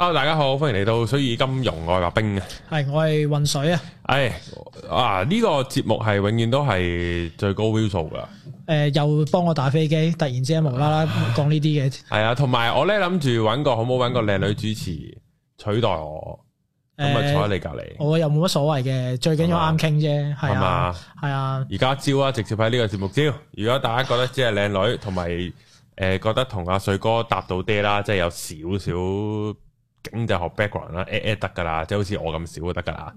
Hello 大家好，歡迎嚟到水與金融，我係冰嘅，係我係渾水啊。誒、哎，啊呢、這個節目係永遠都係最高 view 數噶。誒、呃，又幫我打飛機，突然之間無啦啦講呢啲嘅。係啊，同埋、啊、我咧諗住揾個，好唔好揾個靚女主持取代我？咁啊、呃、坐喺你隔籬。我又冇乜所謂嘅，最緊要啱傾啫。係嘛？係啊。而家招啊，直接喺呢個節目招。如果大家覺得只係靚女，同埋誒覺得同阿水哥搭,搭到爹啦，即係有少少,少。咁就學 background 啦，誒得㗎喇，即係好似我咁少都得㗎喇。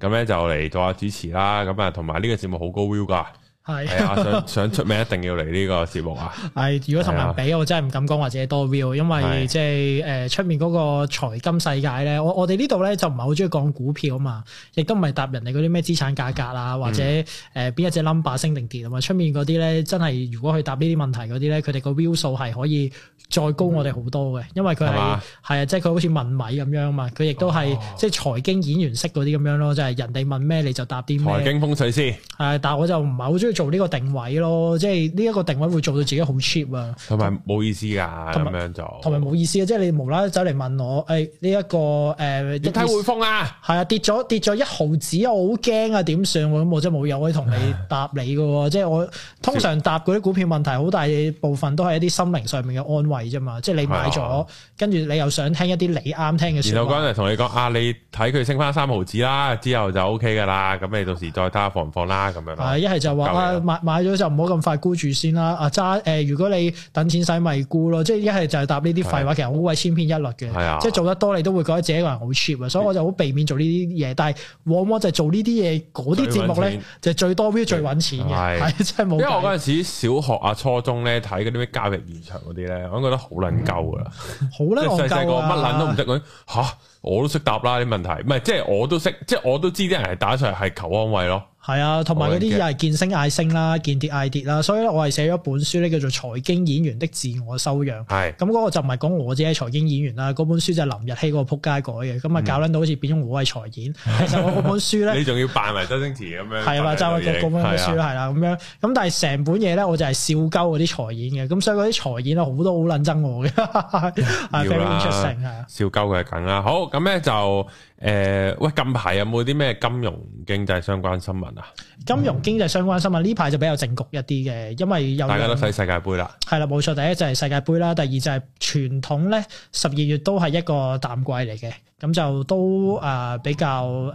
咁咧、嗯、就嚟做下主持啦。咁啊，同埋呢個節目好高 view 㗎。係啊， 想出名一定要嚟呢個節目啊！係，如果同人比，的我真係唔敢講或者多 view，因為即係誒出面嗰個財金世界咧，我我哋呢度咧就唔係好中意講股票啊嘛，亦都唔係答人哋嗰啲咩資產價格啊，或者誒邊、嗯呃、一隻 number 升定跌啊嘛。出面嗰啲咧真係如果去答呢啲問題嗰啲咧，佢哋個 view 數係可以再高我哋好多嘅，因為佢係係啊，即係佢好似問米咁樣啊嘛，佢亦都係即係財經演員式嗰啲咁樣咯，即、就、係、是、人哋問咩你就答啲咩財經風水師。係，但係我就唔係好中意。做呢個定位咯，即係呢一個定位會做到自己好 cheap 啊，同埋冇意思噶，咁樣就同埋冇意思啊！即係你無啦啦走嚟問我，誒呢一個誒，睇匯豐啊，係啊，跌咗跌咗一毫子，我好驚啊！點算？咁我真係冇嘢可以同你答你噶，即係我通常答嗰啲股票問題，好大部分都係一啲心靈上面嘅安慰啫嘛。即係你買咗，跟住你又想聽一啲你啱聽嘅事，然後關嚟同你講啊，你睇佢升翻三毫子啦，之後就 OK 噶啦，咁你到時再睇下放唔放啦，咁樣咯。係一係就話，啊、買買咗就唔好咁快沽住先啦。啊，揸、啊、誒，如果你等錢使咪沽咯。即係一係就係答呢啲廢話，的其實好鬼千篇一律嘅。係啊的。即係做得多你都會覺得自己一個人好 cheap 啊。的所以我就好避免做呢啲嘢。但係往往就係做呢啲嘢，嗰啲節目咧就最多最揾錢嘅。係的真係冇。因為我嗰陣時小學啊、初中咧睇嗰啲咩交易現場嗰啲咧，我都覺得好卵鳩噶啦。好卵戇鳩啊！即係細細個乜卵都唔識咁吓，我都識答啦啲問題。唔係，即係我都識，即係我都知啲人係打出嚟係求安慰咯。係啊，同埋嗰啲又係見升嗌升啦，見跌嗌跌啦，所以咧我係寫咗一本書咧，叫做《財經演員的自我修養》。係咁嗰個就唔係講我自己係財經演員啦，嗰本書就林日曦嗰個扑街改嘅，咁啊搞捻到好似變咗我係財演，其實我嗰本書咧，你仲要扮埋周星馳咁樣，係嘛，就係嗰嗰本書係啦，咁樣咁但係成本嘢咧，我就係笑鳩嗰啲財演嘅，咁所以嗰啲財演咧好多好捻憎我嘅，係 very interesting 係。笑鳩佢係咁啦，好咁咧就。誒，喂、呃，近排有冇啲咩金融經濟相關新聞啊？金融經濟相關新聞呢排就比較靜局一啲嘅，因為大家都睇世界盃啦。係啦，冇錯，第一就係世界盃啦，第二就係傳統咧，十二月都係一個淡季嚟嘅。咁就都誒比較誒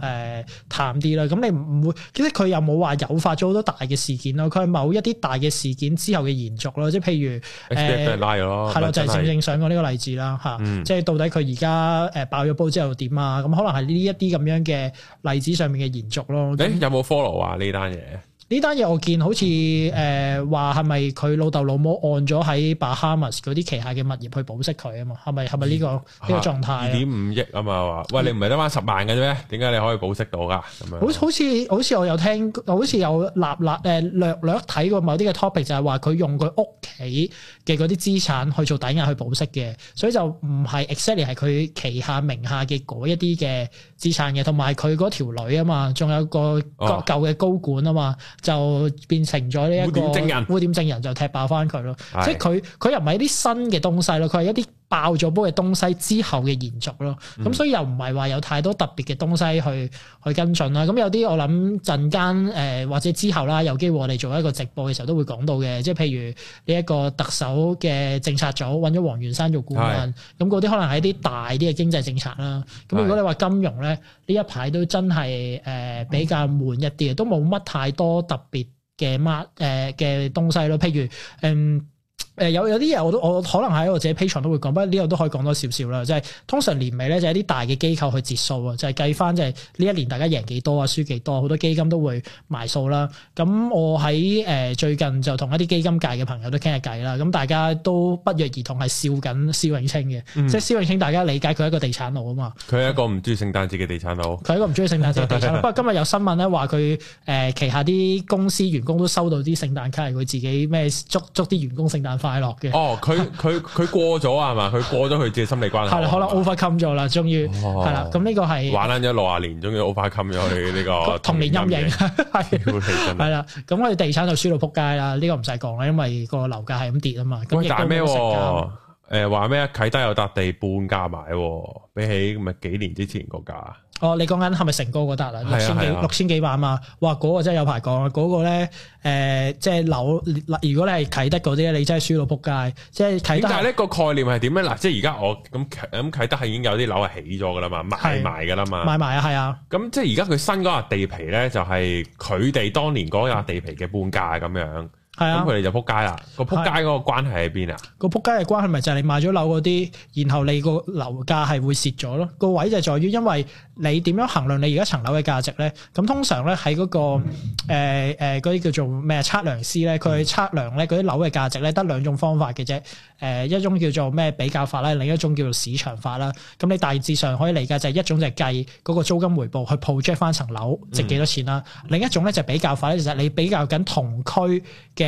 淡啲啦。咁你唔會，其實佢又冇話誘發咗好多大嘅事件咯。佢係某一啲大嘅事件之後嘅延續咯。即係譬如誒，係咯、呃，錯就係正正想講呢個例子啦。嚇，嗯、即係到底佢而家誒爆咗煲之後點啊？咁可能係呢一啲咁樣嘅例子上面嘅延續咯。誒、欸、有冇 follow 啊呢單嘢？那呢單嘢我見好似誒話係咪佢老豆老母按咗喺 Bahamas 嗰啲旗下嘅物業去保釋佢啊嘛？係咪係咪呢個呢、嗯、個狀態？二點五億啊嘛話，喂你唔係得返十萬嘅啫咩？點解你可以保釋到㗎？咁樣，好好似好似我有聽，好似有立立誒略略睇過某啲嘅 topic，就係話佢用佢屋企。嘅嗰啲資產去做抵押去保釋嘅，所以就唔係 exactly 係佢旗下名下嘅嗰一啲嘅資產嘅，同埋佢嗰條女啊嘛，仲有個舊嘅高管啊嘛，哦、就變成咗呢一個污點證人，污點證人就踢爆翻佢咯，的即係佢佢又唔係啲新嘅東西咯，佢係一啲。爆咗煲嘅東西之後嘅延續咯，咁、嗯、所以又唔係話有太多特別嘅東西去、嗯、去跟進啦。咁有啲我諗陣間誒或者之後啦，有機會我哋做一個直播嘅時候都會講到嘅，即係譬如呢一、呢個特首嘅政策組揾咗黃元山做顧問，咁嗰啲可能係啲大啲嘅經濟政策啦。咁是 如果你話金融咧，呢一排都真係誒、呃、比較悶一啲嘅，都冇乜太多特別嘅乜誒嘅東西咯，譬如嗯。誒有有啲嘢我都我可能喺我自己 Patreon 都會講，不過呢度都可以講多少少啦。即、就、係、是、通常年尾咧，就係、是、啲大嘅機構去截數啊，就係計翻即係呢一年大家贏幾多啊，輸幾多，好多基金都會埋數啦。咁我喺誒、呃、最近就同一啲基金界嘅朋友都傾下偈啦。咁大家都不約而同係笑緊蕭永清嘅，嗯、即係蕭永清大家理解佢一個地產佬啊嘛。佢係一個唔中意聖誕節嘅地產佬。佢係、嗯、一個唔中意聖誕節嘅地產佬。不過今日有新聞咧話佢誒旗下啲公司員工都收到啲聖誕卡，係佢自己咩捉捉啲員工聖誕花。快樂嘅哦，佢佢佢過咗啊，係嘛， 佢過咗佢自己心理關係，係啦 嗎，可能 overcome 咗啦，終於係啦，咁呢、哦、個係玩爛咗六廿年，終於 overcome 咗佢、這、呢個童年陰影，係係啦，咁 我哋地產就輸到撲街啦，呢、這個唔使講啦，因為個樓價係咁跌啊嘛，咁賺咩？但誒，話咩啊？啟德有笪地半價買，比起咪幾年之前個價？哦，你講緊係咪成個嗰笪啊？六千幾六千幾萬啊嘛？啊哇，嗰、那個真係有排講啊！嗰、那個咧，誒、呃，即係樓，如果你係啟德嗰啲咧，你真係輸到仆街。即係啟但係呢個概念係點咧？嗱，即係而家我咁啟咁啟德係已經有啲樓係起咗噶啦嘛，賣埋噶啦嘛，賣埋啊係啊。咁、啊啊、即係而家佢新嗰笪地皮咧，就係佢哋當年嗰笪地皮嘅半價咁樣。係，咁佢哋就仆街啦。個仆街嗰個關係喺邊啊？個仆街嘅關係咪就係你買咗樓嗰啲，然後你個樓價係會蝕咗咯。個位就在於，因為你點樣衡量你而家層樓嘅價值咧？咁通常咧喺嗰個誒嗰啲叫做咩測量師咧，佢去測量咧嗰啲樓嘅價值咧，得兩種方法嘅啫。誒一種叫做咩比較法啦，另一種叫做市場法啦。咁你大致上可以理解就係一種就係計嗰個租金回報去 project 翻層樓值幾多錢啦。嗯、另一種咧就比較法咧，其實你比較緊同區嘅。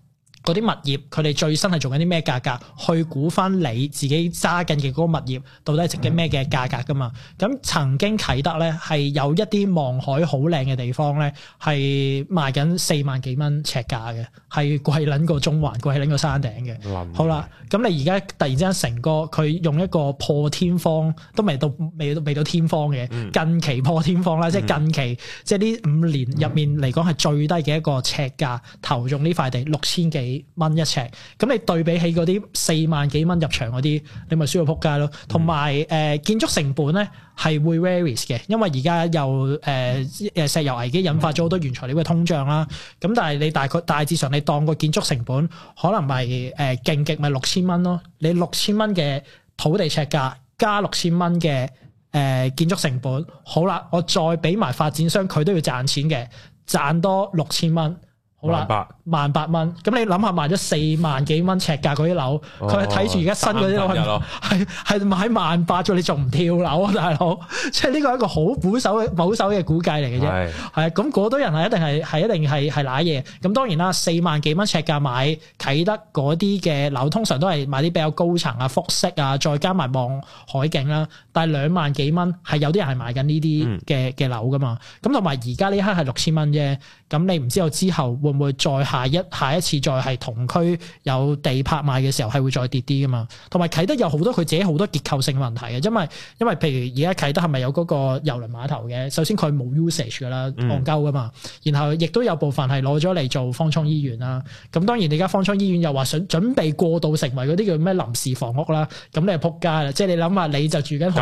嗰啲物業，佢哋最新係做緊啲咩價格？去估翻你自己揸緊嘅嗰個物業，到底係值緊咩嘅價格噶嘛？咁、嗯、曾經啟德咧係有一啲望海好靚嘅地方咧，係賣緊四萬幾蚊尺價嘅，係貴撚過中環，貴撚過山頂嘅。嗯、好啦，咁你而家突然之間成個佢用一個破天荒，都未到未未到天荒嘅近期破天荒啦，即係、嗯、近期即係呢五年入面嚟講係最低嘅一個尺價投中呢塊地六千幾蚊一尺，咁你對比起嗰啲四萬幾蚊入場嗰啲，你咪輸到仆街咯。同埋誒，建築成本咧係會 varies 嘅，因為而家又誒誒、呃、石油危機引發咗好多原材料嘅通脹啦。咁、啊、但係你大概大致上，你當個建築成本可能係誒勁極咪六千蚊咯。你六千蚊嘅土地尺價加六千蚊嘅誒建築成本，好啦，我再俾埋發展商，佢都要賺錢嘅，賺多六千蚊。好啦，萬八，萬八蚊，咁你諗下賣咗四萬幾蚊尺價嗰啲樓，佢係睇住而家新嗰啲樓，係係買萬八，咁你仲唔跳樓啊，大佬？即係呢個係一個好保守嘅保守嘅估計嚟嘅啫，係咁嗰堆人係一定係係一定係係瀨嘢。咁當然啦，四萬幾蚊尺價買啟德嗰啲嘅樓，通常都係買啲比較高層啊複式啊，再加埋望海景啦。但係兩萬幾蚊係有啲人係買緊呢啲嘅嘅樓噶嘛，咁同埋而家呢刻係六千蚊啫，咁你唔知道之後會唔會再下一下一次再係同區有地拍賣嘅時候係會再跌啲噶嘛？同埋啟德有好多佢自己好多結構性問題嘅，因為因為譬如而家啟德係咪有嗰個郵輪碼頭嘅？首先佢冇 usage 噶啦，戇鳩噶嘛，然後亦都有部分係攞咗嚟做方艙醫院啦。咁當然你而家方艙醫院又話想準備過渡成為嗰啲叫咩臨時房屋啦，咁你係撲街啦，即係你諗下你就住緊。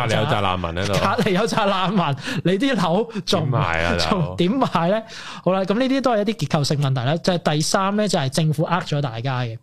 隔籬有紮難民喺度，隔籬有紮難民，難民你啲樓仲點賣啊？就點賣咧？好啦，咁呢啲都係一啲結構性問題啦。就是、第三咧，就係、是、政府呃咗大家嘅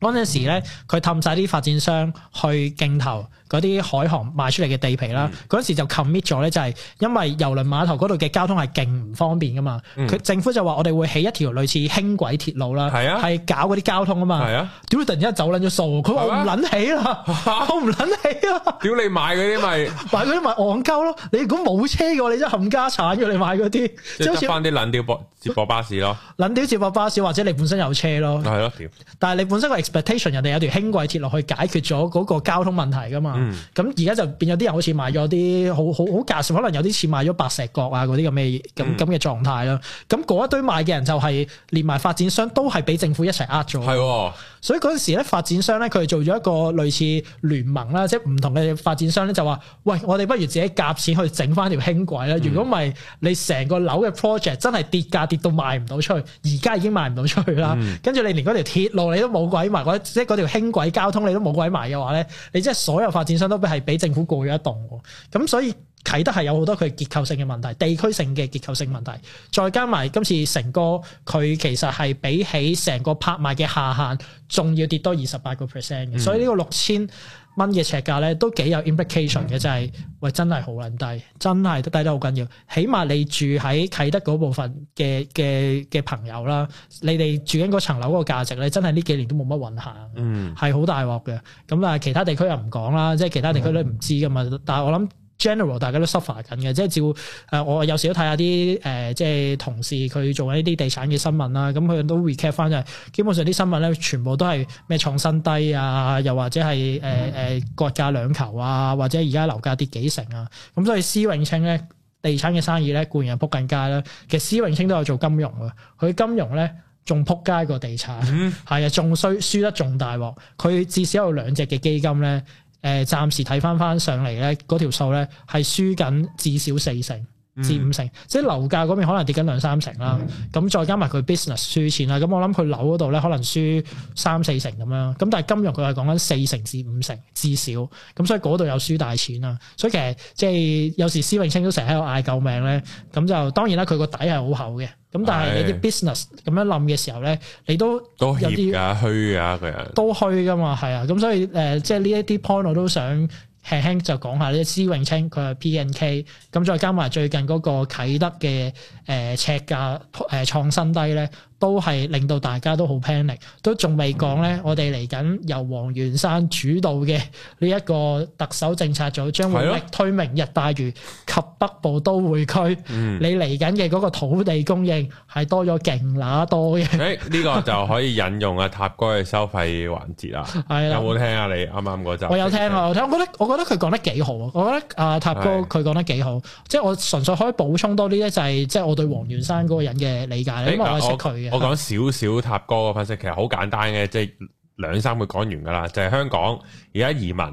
嗰陣時咧，佢氹晒啲發展商去競投。嗰啲海航賣出嚟嘅地皮啦，嗰陣時就 commit 咗咧，就係因為郵輪碼頭嗰度嘅交通係勁唔方便噶嘛。佢政府就話我哋會起一條類似輕軌鐵路啦，係啊，係搞嗰啲交通啊嘛。係啊，屌突然之間走撚咗數，佢話唔撚起啦，我唔撚起啊！屌你買嗰啲咪買嗰啲咪戇鳩咯！你如果冇車嘅，你真冚家產嘅，你買嗰啲即係搭翻啲撚掉接駁巴士咯，撚掉接駁巴士或者你本身有車咯，係咯但係你本身個 expectation 人哋有條輕軌鐵路去解決咗嗰個交通問題噶嘛？嗯，咁而家就變咗啲人好似買咗啲好好好價，可能有啲似買咗白石角啊嗰啲咁嘅嘢咁咁嘅狀態咯。咁、那、嗰、個、一堆買嘅人就係、是、連埋發展商都係俾政府一齊呃咗。係、嗯。所以嗰陣時咧，發展商咧佢做咗一個類似聯盟啦，即係唔同嘅發展商咧就話：喂，我哋不如自己夾錢去整翻條輕軌啦。如果唔係，你成個樓嘅 project 真係跌價跌到賣唔到出去，而家已經賣唔到出去啦。跟住你連嗰條鐵路你都冇鬼埋，嗯、或者即係嗰條輕軌交通你都冇鬼埋嘅話咧，你即係所有發展商都係俾政府過咗一洞。咁所以。啟德係有好多佢結構性嘅問題，地區性嘅結構性問題，再加埋今次成個佢其實係比起成個拍賣嘅下限，仲要跌多二十八個 percent 嘅，嗯、所以個呢個六千蚊嘅尺價咧都幾有 implication 嘅，就係、是、喂真係好撚低，真係都低得好緊要。起碼你住喺啟德嗰部分嘅嘅嘅朋友啦，你哋住緊嗰層樓嗰個價值咧，真係呢幾年都冇乜運行，係好大鑊嘅。咁啊，其他地區又唔講啦，即係其他地區都唔知㗎嘛，但係我諗。general 大家都 suffer 緊嘅，即係照誒、呃、我有時都睇下啲誒即係同事佢做緊啲地產嘅新聞啦，咁佢都 recap 返就係基本上啲新聞咧全部都係咩創新低啊，又或者係誒誒割價兩球啊，或者而家樓價跌幾成啊，咁所以施永青咧地產嘅生意咧固然又撲緊街啦，其實施永青都有做金融啊，佢金融咧仲撲街過地產，係啊，仲衰輸得仲大鑊，佢至少有兩隻嘅基金咧。誒，暫時睇翻翻上嚟呢，嗰條數呢係輸緊至少四成。至五成，即係樓價嗰邊可能跌緊兩三成啦，咁、嗯、再加埋佢 business 輸錢啦，咁我諗佢樓嗰度咧可能輸三四成咁樣，咁但係金融佢係講緊四成至五成至少，咁所以嗰度有輸大錢啊，所以其實即係有時施永青都成日喺度嗌救命咧，咁就當然啦，佢個底係好厚嘅，咁但係你啲 business 咁樣冧嘅時候咧，你都都有啲虛啊，佢都虛噶嘛，係啊，咁所以誒即係呢一啲 point 我都想。輕輕就講下呢，施永青佢係 PNK，咁再加埋最近嗰個啟德嘅誒尺價誒創新低咧。都係令到大家都好 panic，都仲未講咧。我哋嚟緊由黃元山主導嘅呢一個特首政策組，將會力推明日大嶼及北部都會區。你嚟緊嘅嗰個土地供應係多咗勁乸多嘅。誒，呢個就可以引用阿塔哥嘅收費環節啊。係有冇聽啊？你啱啱嗰集我有聽啊，我聽。我覺得我覺得佢講得幾好啊。我覺得阿塔哥佢講得幾好。即係我純粹可以補充多啲咧，就係即係我對黃元山嗰個人嘅理解。因為我係識佢嘅。我講少少塔哥個分析，其實好簡單嘅，即係兩三個講完㗎啦。就係、是就是、香港而家移民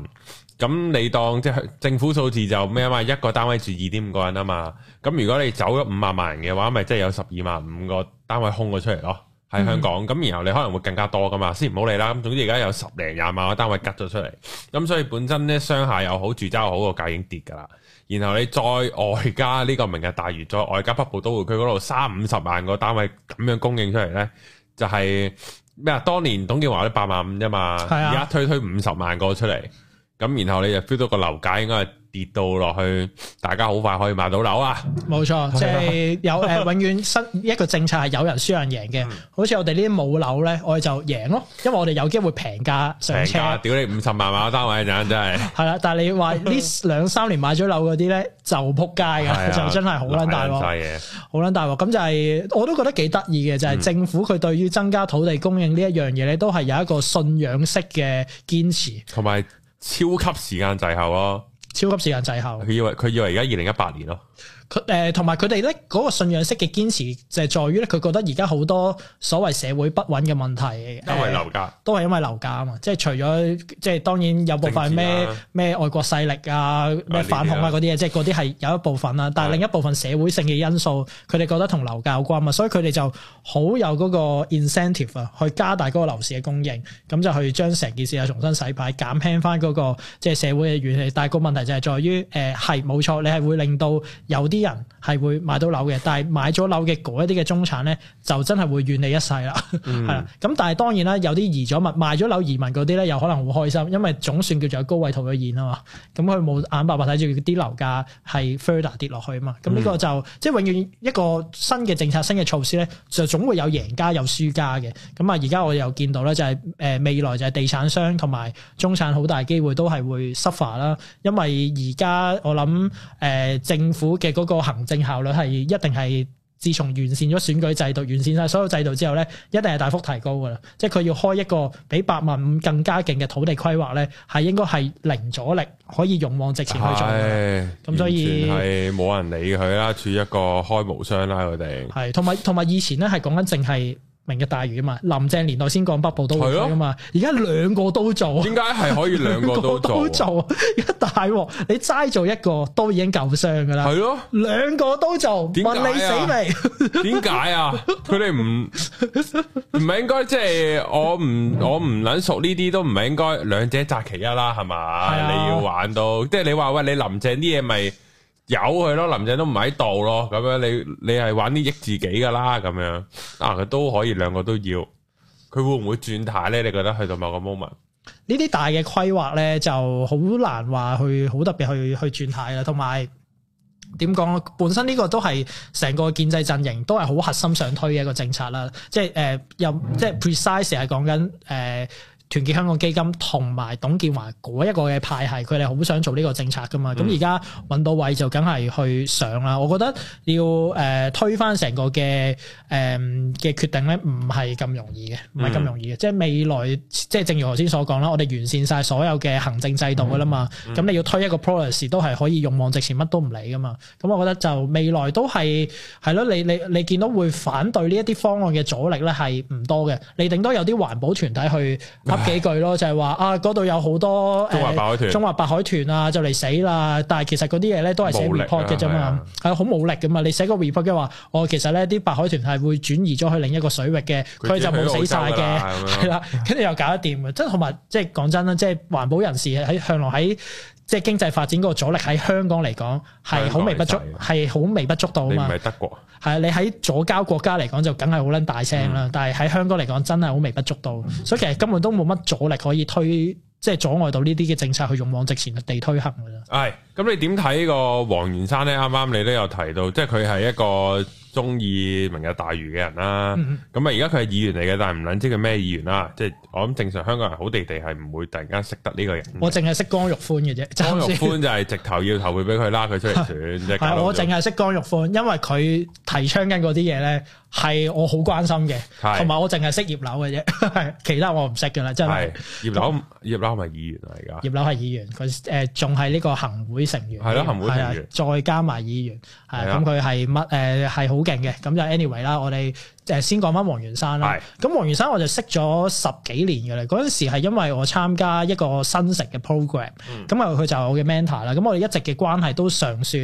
咁，你當即係、就是、政府數字就咩啊嘛？一個單位住二點五個人啊嘛。咁如果你走咗五萬萬人嘅話，咪即係有十二萬五個單位空咗出嚟咯。喺香港咁，嗯、然後你可能會更加多噶嘛，先唔好理啦。咁總之而家有十零廿萬個單位吉咗出嚟，咁、嗯、所以本身呢，商廈又好，住宅又好，個價已經跌㗎啦。然後你再外加呢、這個明日大嶼，再外加北部都會區嗰度三五十萬個單位咁樣供應出嚟呢，就係咩啊？當年董建華都八萬五啫嘛，而家、嗯、推推五十萬個出嚟，咁、嗯、然後你就 feel 到個樓價應該係。跌到落去，大家好快可以買到樓啊！冇錯，即、就、係、是、有誒、呃，永遠新一個政策係有人輸人贏嘅， 好似我哋呢啲冇樓咧，我哋就贏咯，因為我哋有機會平價上車，屌你五十萬買個單位，真真係係啦。但係你話呢兩三年買咗樓嗰啲咧，就撲街噶，的 就真係好撚大鑊，好撚大鑊。咁就係、是、我都覺得幾得意嘅，就係、是、政府佢對於增加土地供應呢一樣嘢咧，都係有一個信仰式嘅堅持，同埋 超級時間滯後咯。超級時間滯後，佢以為佢以為而家二零一八年咯。佢誒同埋佢哋咧嗰個信仰式嘅堅持就係在於咧，佢覺得而家好多所謂社會不穩嘅問題，因為樓價，都係因為樓價啊嘛！即係除咗即係當然有部分咩咩外國勢力啊、咩反恐啊嗰啲嘢，即係嗰啲係有一部分啦。但係另一部分社會性嘅因素，佢哋覺得同樓價有關啊嘛，所以佢哋就好有嗰個 incentive 啊，去加大嗰個樓市嘅供應，咁就去將成件事又重新洗牌，減輕翻嗰個即係社會嘅怨氣。但係個問題就係在於誒係冇錯，你係會令到有啲。啲人係會買到樓嘅，但係買咗樓嘅嗰一啲嘅中產咧，就真係會怨你一世啦，係啦、嗯。咁 但係當然啦，有啲移咗物、賣咗樓移民嗰啲咧，有可能會開心，因為總算叫做有高位套咗現啊嘛。咁佢冇眼白白睇住啲樓價係 further 跌落去啊嘛。咁呢個就即係永遠一個新嘅政策、新嘅措施咧，就總會有贏家有輸家嘅。咁啊，而家我又見到咧、就是，就係誒未來就係地產商同埋中產好大機會都係會 suffer 啦，因為而家我諗誒、呃、政府嘅嗰個行政效率係一定係，自從完善咗選舉制度，完善晒所有制度之後咧，一定係大幅提高噶啦。即係佢要開一個比八萬五更加勁嘅土地規劃咧，係應該係零阻力可以勇往直前去做。咁、哎、所以係冇人理佢啦，處一個開無商啦，佢哋係同埋同埋以前咧係講緊淨係。明日大嶼嘛，林鄭年代先講北部都會區啊嘛，而家兩個都做，點解係可以兩個都做？一大鑊，你齋做一個都已經夠傷噶啦，係咯的，兩個都做，問你死未？點解啊？佢哋唔唔係應該即係、就是、我唔我唔捻熟呢啲都唔係應該兩者擇其一啦，係嘛？是的 你要玩到即係、就是、你話喂，你林鄭啲嘢咪？有佢咯，林鄭都唔喺度咯，咁樣你你係玩啲益自己噶啦，咁樣啊佢都可以兩個都要，佢會唔會轉態咧？你覺得去到某個 moment 呢啲大嘅規劃咧，就好難話去好特別去去轉態啦，同埋點講？本身呢個都係成個建制陣營都係好核心上推嘅一個政策啦，即係誒又即係 precise 係講緊誒。呃嗯團結香港基金同埋董建華嗰一個嘅派系，佢哋好想做呢個政策噶嘛？咁而家揾到位就梗係去上啦。我覺得要誒推翻成個嘅誒嘅決定咧，唔係咁容易嘅，唔係咁容易嘅。即係未來，即係正如頭先所講啦，我哋完善晒所有嘅行政制度噶啦嘛。咁、嗯嗯、你要推一個 protest 都係可以勇往直前乜都唔理噶嘛。咁我覺得就未來都係係咯，你你你見到會反對呢一啲方案嘅阻力咧係唔多嘅。你頂多有啲環保團體去。幾句咯，就係、是、話啊，嗰度有好多、呃、中華白海豚，中華白海豚啊，就嚟死啦！但係其實嗰啲嘢咧都係寫 report 嘅啫嘛，係好冇力噶、嗯、嘛！你寫個 report 嘅係話，我、哦、其實咧啲白海豚係會轉移咗去另一個水域嘅，佢就冇死晒嘅，係啦，跟住又搞得掂嘅， 即係同埋即係講真啦，即係環保人士喺向來喺。即係經濟發展嗰個阻力喺香港嚟講係好微不足係好微不足道啊嘛！你唔係德國係啊？你喺左交國家嚟講就梗係好撚大聲啦，但係喺香港嚟講真係好微不足道，所以其實根本都冇乜阻力可以推，即係阻礙到呢啲嘅政策去勇往直前嘅地推行㗎啦。係咁、哎，你點睇呢個黃元山咧？啱啱你都有提到，即係佢係一個。中意明日大嶼嘅人啦、啊，咁啊而家佢係議員嚟嘅，但係唔撚知佢咩議員啦、啊。即、就、係、是、我諗正常香港人好地地係唔會突然間識得呢個人。我淨係識江玉歡嘅啫，江玉歡就係直頭要投票俾佢，拉佢出嚟選。係啊，我淨係識江玉歡，因為佢提倡緊嗰啲嘢咧。係我好關心嘅，同埋對我淨係識葉劉嘅啫，係 其他我唔識嘅啦，即係葉劉，葉劉係咪議員嚟㗎？葉劉係議員，佢誒仲係呢個行會成員，員，係咯行會成員，再加埋議員，係咁佢係乜誒係好勁嘅，咁、呃、就 anyway 啦，我哋。誒先講翻黃元山啦，咁黃係元山我就識咗十幾年嘅啦，嗰陣時係因為我參加一個新城嘅 program，咁啊佢就係我嘅 mentor 啦，咁我哋一直嘅關係都尚算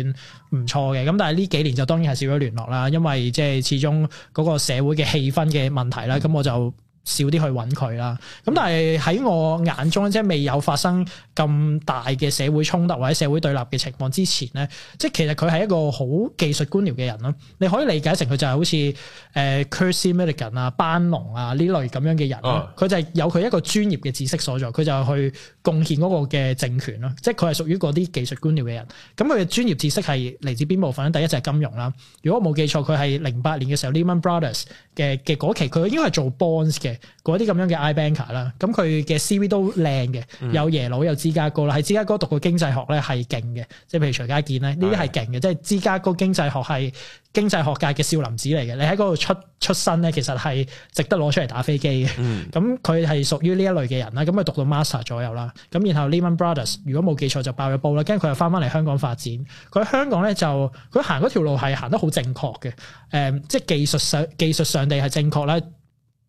唔錯嘅，咁但係呢幾年就當然係少咗聯絡啦，因為即係始終嗰個社會嘅氣氛嘅問題啦，咁、嗯、我就少啲去搵佢啦。咁但係喺我眼中，即係未有發生咁大嘅社會衝突或者社會對立嘅情況之前咧，即係其實佢係一個好技術官僚嘅人咯。你可以理解成佢就係好似誒 Chris Milligan 啊、班農啊呢類咁樣嘅人。佢就係有佢一個專業嘅知識所在，佢就去貢獻嗰個嘅政權咯。即係佢係屬於嗰啲技術官僚嘅人。咁佢嘅專業知識係嚟自邊部分咧？第一就係金融啦。如果我冇記錯，佢係零八年嘅時候，Lehman Brothers 嘅嘅嗰期，佢應該係做 bonds 嘅。嗰啲咁樣嘅 i banker 啦，咁佢嘅 C V 都靚嘅，有耶魯，有芝加哥啦，喺芝加哥讀過經濟學咧係勁嘅，即係譬如徐家健咧，呢啲係勁嘅，的即係芝加哥經濟學係經濟學界嘅少林寺嚟嘅，你喺嗰度出出身咧，其實係值得攞出嚟打飛機嘅。咁佢係屬於呢一類嘅人啦，咁佢讀到 master 左右啦，咁然後 Lehman Brothers 如果冇記錯就爆咗煲啦，跟住佢又翻翻嚟香港發展，佢喺香港咧就佢行嗰條路係行得好正確嘅，誒、嗯，即係技術上技術上地係正確啦。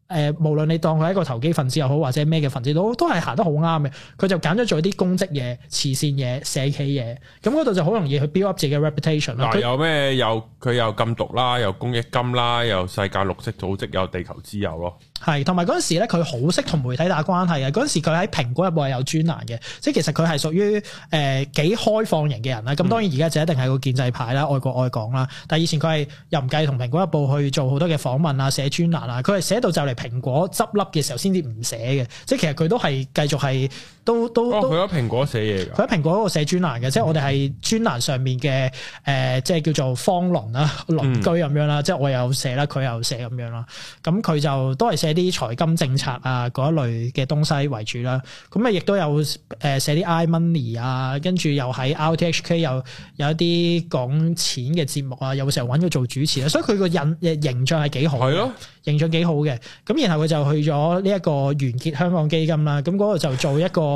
誒，無論你當佢係一個投機分子又好，或者咩嘅分子都都係行得好啱嘅。佢就揀咗做啲公職嘢、慈善嘢、社企嘢，咁嗰度就好容易去 build up 自己嘅 reputation 咯。嗱，有咩？有佢又禁毒啦，又公益金啦，又世界綠色組織，又地球之友咯。係，同埋嗰陣時咧，佢好識同媒體打關係嘅。嗰陣時佢喺蘋果日報係有專欄嘅，即係其實佢係屬於誒、呃、幾開放型嘅人啦。咁當然而家就一定係個建制派啦，愛國愛港啦。但係以前佢係又唔介意同蘋果日報去做好多嘅訪問啊、寫專欄啊，佢係寫到就嚟蘋果執笠嘅時候先至唔寫嘅。即係其實佢都係繼續係。都、哦、都佢喺蘋果寫嘢嘅，佢喺蘋果嗰個寫專欄嘅，嗯呃，即係我哋係專欄上面嘅誒即係叫做方鄰啦，鄰居咁樣啦，嗯，即係我有寫啦，佢有寫咁樣啦。咁佢就都係寫啲財經政策啊嗰一類嘅東西為主啦。咁啊，亦都有誒寫啲 I money 啊，跟住又喺 RTHK 又有一啲講錢嘅節目啊，有時候揾佢做主持啦。所以佢個印形象係幾好，係咯的，形象幾好嘅。咁然後佢就去咗呢一個完結香港基金啦，咁嗰度就做一個。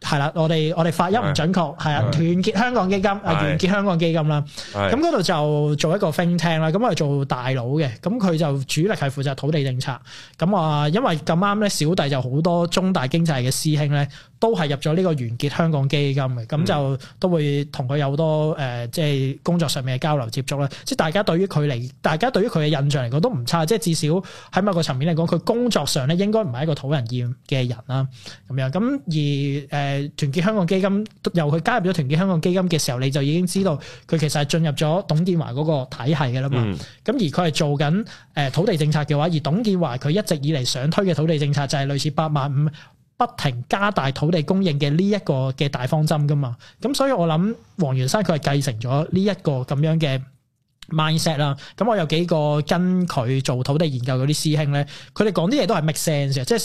係啦，我哋我哋發音唔準確，係啊的，的團結香港基金啊，的圓結香港基金啦。咁嗰度就做一個分廳啦。咁我係做大佬嘅，咁佢就主力係負責土地政策。咁啊，因為咁啱咧，小弟就好多中大經濟嘅師兄咧，都係入咗呢個完結香港基金嘅，咁的就都會同佢有好多誒，即係工作上面嘅交流接觸啦。即係的大家對於佢嚟，大家對於佢嘅印象嚟講都唔差，即係至少喺某個層面嚟講，佢工作上咧應該唔係一個討人厭嘅人啦。咁樣咁而誒。呃誒，團結香港基金，由佢加入咗團結香港基金嘅時候，你就已經知道佢其實係進入咗董建華嗰個體系㗎喇嘛。咁、嗯、而佢係做緊誒土地政策嘅話，而董建華佢一直以嚟想推嘅土地政策就係類似八萬五，不停加大土地供應嘅呢一個嘅大方針噶嘛。咁所以我諗，黃元山，佢係繼承咗呢一個咁樣嘅。Mindset 啦，咁我有幾個跟佢做土地研究嗰啲師兄咧，佢哋講啲嘢都係 make sense 嘅，即係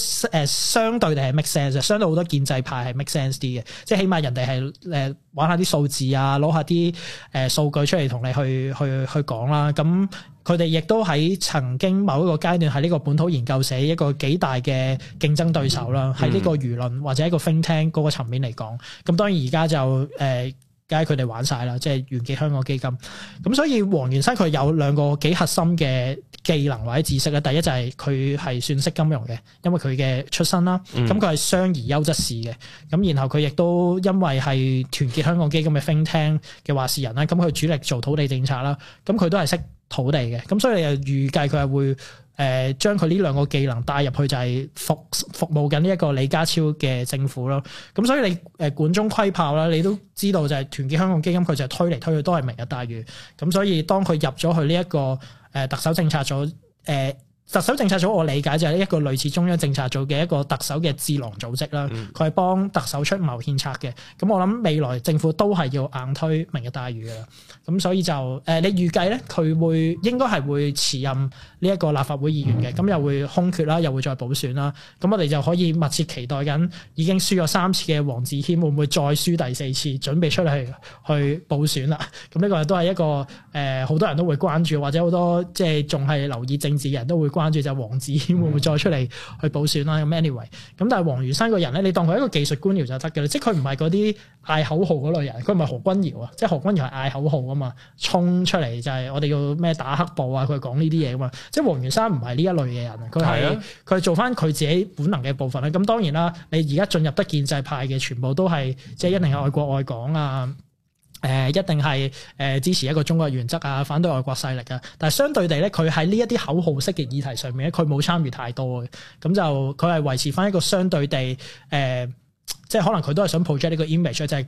誒相對地係 make sense 嘅，相對好多建制派係 make sense 啲嘅，即係起碼人哋係誒玩下啲數字啊，攞下啲誒數據出嚟同你去去去講啦。咁佢哋亦都喺曾經某一個階段喺呢個本土研究社一個幾大嘅競爭對手啦，喺呢、嗯、個輿論或者一個 think tank 嗰個層面嚟講，咁當然而家就誒。呃解佢哋玩晒啦，即係團結香港基金。咁所以黃元山佢有兩個幾核心嘅技能或者知識咧。第一就係佢係算識金融嘅，因為佢嘅出身啦。咁佢係商而優則仕嘅。咁然後佢亦都因為係團結香港基金嘅 think tank 嘅話事人啦。咁佢主力做土地政策啦。咁佢都係識土地嘅。咁所以你又預計佢係會。誒將佢呢兩個技能帶入去就係服服務緊呢一個李家超嘅政府咯，咁所以你誒管中窺豹啦，你都知道就係團結香港基金佢就係推嚟推去都係明日大嶼，咁所以當佢入咗去呢一個誒特首政策組，誒特首政策組我理解就係一個類似中央政策組嘅一個特首嘅智囊組織啦，佢係幫特首出謀獻策嘅，咁我諗未來政府都係要硬推明日大嶼嘅啦，咁所以就誒你預計咧佢會應該係會辭任。呢一個立法會議員嘅，咁、嗯、又會空缺啦，又會再補選啦。咁、嗯、我哋就可以密切期待緊，已經輸咗三次嘅黃志謙會唔會再輸第四次，準備出嚟去補選啦？咁呢個都係一個誒，好、呃、多人都會關注，或者好多即係仲係留意政治嘅人都會關注就係黃志謙會唔會再出嚟去補選啦？Any、嗯、way，咁但係黃元山個人咧，你當佢一個技術官僚就得嘅啦，即係佢唔係嗰啲嗌口號嗰類人，佢唔係何君堯啊，即係何君堯係嗌口號啊嘛，衝出嚟就係我哋叫咩打黑暴啊，佢講呢啲嘢啊嘛。即係黃元山唔係呢一類嘅人，佢係佢係做翻佢自己本能嘅部分咧。咁當然啦，你而家進入得建制派嘅，全部都係即係一定係愛國愛港啊，誒、呃，一定係誒支持一個中國原則啊，反對外國勢力啊。但係相對地咧，佢喺呢一啲口號式嘅議題上面咧，佢冇參與太多嘅，咁就佢係維持翻一個相對地，誒、呃，即係可能佢都係想 project 呢個 image 就係、是。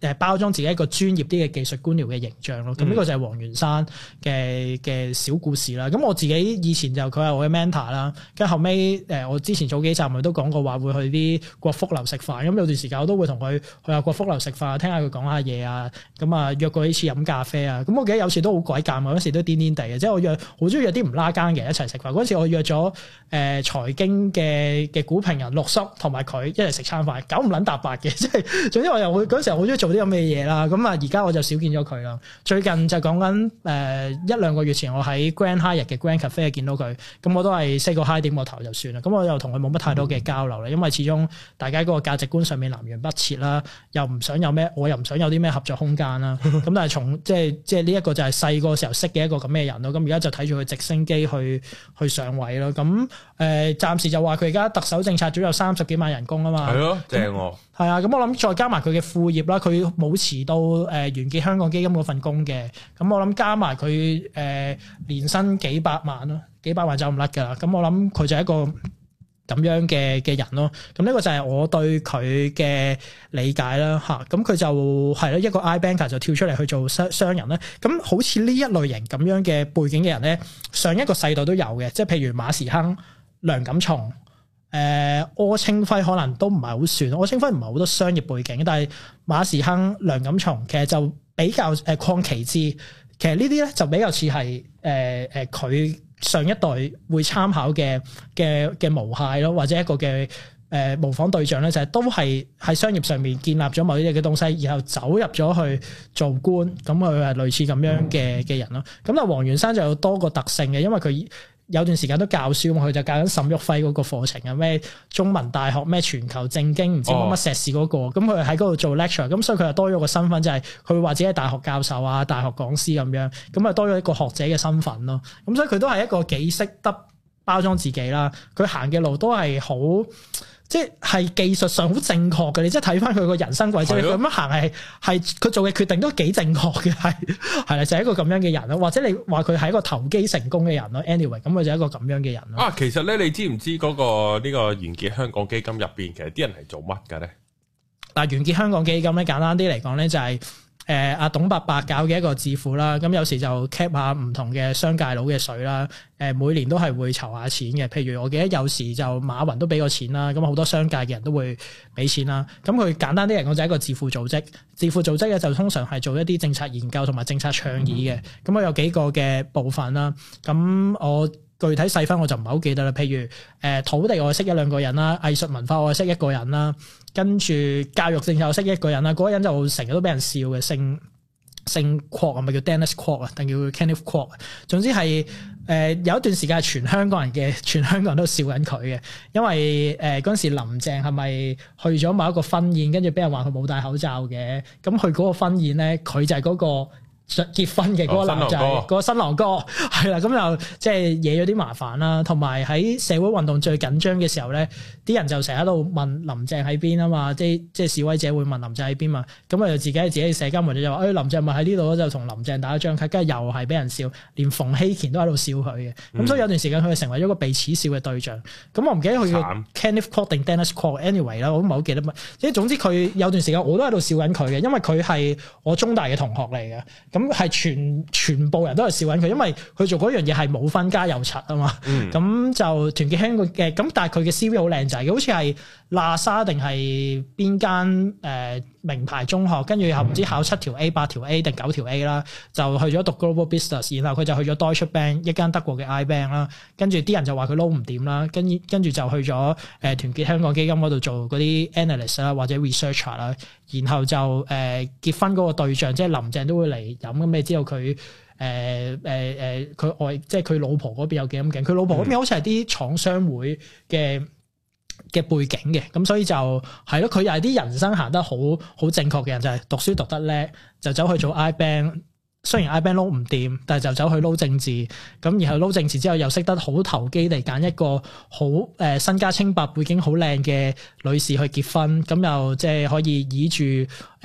誒，包裝自己一個專業啲嘅技術官僚嘅形象咯，咁呢、嗯、個就係黃元山嘅嘅小故事啦。咁我自己以前就佢係我嘅 mentor 啦，跟住後尾，誒，我之前早幾集咪都講過話會去啲國福樓食飯，咁有段時間我都會同佢去下國福樓食飯，聽，聽下佢講下嘢啊，咁、嗯、啊約過幾次飲咖啡啊，咁、嗯、我記得有次都好鬼尷尬，嗰時都癲癲地嘅，即係我約好中意約啲唔拉更嘅一齊食飯，嗰時我約咗誒、呃、財經嘅嘅股評人陸叔同埋佢一齊食餐飯，搞唔撚搭八嘅，即係總之我又會嗰時好中。做啲咁嘅嘢啦，咁啊而家我就少見咗佢啦。最近就講緊誒一兩個月前，我喺 Grand Hyatt 嘅 Grand Cafe 見到佢，咁我都係識個 High 點個頭就算啦。咁我又同佢冇乜太多嘅交流啦，因為始終大家嗰個價值觀上面南轅北轍啦，又唔想有咩，我又唔想有啲咩合作空間啦。咁但係從即係即係呢一個就係細個時候識嘅一個咁嘅人咯。咁而家就睇住佢直升機去去上位咯。咁、嗯、誒，暫時就話佢而家特首政策組有三十幾萬人工啊嘛。係咯，正哦。係啊，咁我諗再加埋佢嘅副業啦。佢冇辭到誒團結香港基金嗰份工嘅，咁我諗加埋佢誒年薪幾百萬咯，幾百萬就唔甩噶啦，咁我諗佢就係一個咁樣嘅嘅人咯，咁呢個就係我對佢嘅理解啦嚇。咁、啊、佢就係咧一個 i banker 就跳出嚟去做商商人啦。咁好似呢一類型咁樣嘅背景嘅人咧，上一個世代都有嘅，即係譬如馬時亨、梁錦松。誒柯清輝可能都唔係好算，柯清輝唔係好多商業背景，但係馬時亨、梁錦松其實就比較誒鄺其志，其實呢啲咧就比較似係誒誒佢上一代會參考嘅嘅嘅模楷咯，或者一個嘅誒、呃、模仿對象咧，就係都係喺商業上面建立咗某啲嘅東西，然後走入咗去做官，咁佢係類似咁樣嘅嘅人咯。咁啊、嗯，黃元山就有多個特性嘅，因為佢。有段時間都教書，佢就教緊沈旭暉嗰個課程啊，咩中文大學咩全球政經唔知乜乜碩士嗰、嗰個，咁佢喺嗰度做 lecture，咁所以佢又多咗個身份就係佢或者係大學教授啊、大學講師咁樣，咁啊多咗一個學者嘅身份咯。咁所以佢都係一個幾識得包裝自己啦。佢行嘅路都係好。即係技術上好正確嘅，你即係睇翻佢個人生軌跡，佢咁樣行係係佢做嘅決定都幾正確嘅，係係啦，就係一個咁樣嘅人咯。或者你話佢係一個投機成功嘅人咯。Anyway，咁佢就一個咁樣嘅人咯。啊，其實咧，你知唔知嗰個呢個團結香港基金入邊，其實啲人係做乜嘅咧？嗱，團結香港基金咧，簡單啲嚟講咧，就係。誒阿董伯伯搞嘅一個智庫啦，咁有時就 cap 下唔同嘅商界佬嘅水啦。誒每年都係會籌下錢嘅，譬如我記得有時就馬雲都俾過錢啦。咁好多商界嘅人都會俾錢啦。咁佢簡單啲嚟講就係一個智庫組織，智庫組織嘅就通常係做一啲政策研究同埋政策倡議嘅。咁我有幾個嘅部分啦。咁我。具體細分我就唔係好記得啦。譬如誒、呃、土地，我識一兩個人啦；藝術文化，我識一個人啦。跟住教育政策，我識一個人啦。嗰、那個人就成日都俾人笑嘅，姓姓霍啊，係咪叫 Dennis 霍啊，定叫 Kenneth 霍啊？總之係誒、呃、有一段時間係全香港人嘅，全香港人都笑緊佢嘅，因為誒嗰陣時林鄭係咪去咗某一個婚宴，跟住俾人話佢冇戴口罩嘅。咁去嗰個婚宴咧，佢就係嗰、那個。結婚嘅嗰、那個男就係個新郎哥，係啦，咁又即係惹咗啲麻煩啦。同埋喺社會運動最緊張嘅時候咧，啲人就成日喺度問林鄭喺邊啊嘛，即係即係示威者會問林鄭喺邊嘛。咁啊，就自己喺自己社交媒體就話，哎，林鄭咪喺呢度咯，就同林鄭打一張卡，跟住又係俾人笑，連馮晞乾都喺度笑佢嘅。咁、嗯、所以有段時間佢成為咗個被恥笑嘅對象。咁、嗯、我唔記，慘、anyway, 記得佢嘅 Kenneth Call 定 Dennis Call，anyway 啦，我都唔係好記得乜。即係總之佢有段時間我都喺度笑緊佢嘅，因為佢係我中大嘅同學嚟嘅。咁係全全部人都係笑緊佢，因為佢做嗰樣嘢係冇分加又賊啊嘛。咁、嗯、就團結香港嘅，咁但係佢嘅 CV 好靚仔，好似係喇沙定係邊間誒名牌中學，跟住又唔知考七條 A、八條 A 定九條 A 啦，就去咗讀 global business，然後佢就去咗 Deutsche Bank 一間德國嘅 i bank 啦，跟住啲人就話佢撈唔掂啦，跟跟住就去咗誒團結香港基金嗰度做嗰啲 analyst 啦或者 research 啦，然後就誒、呃、結婚嗰個對象即係林鄭都會嚟。咁咁，你知道佢誒誒誒，佢、呃、外、呃、即係佢老婆嗰邊有幾咁勁？佢老婆嗰邊好似係啲廠商會嘅嘅背景嘅，咁所以就係咯，佢又係啲人生行得好好正確嘅人，就係、是、讀書讀得叻，就走去做 I-Bank。Ank, 雖然 I-Bank 撈唔掂，但係就走去撈政治。咁然後撈政治之後，又識得好投機地揀一個好誒、呃、身家清白、背景好靚嘅女士去結婚，咁又即係可以倚住。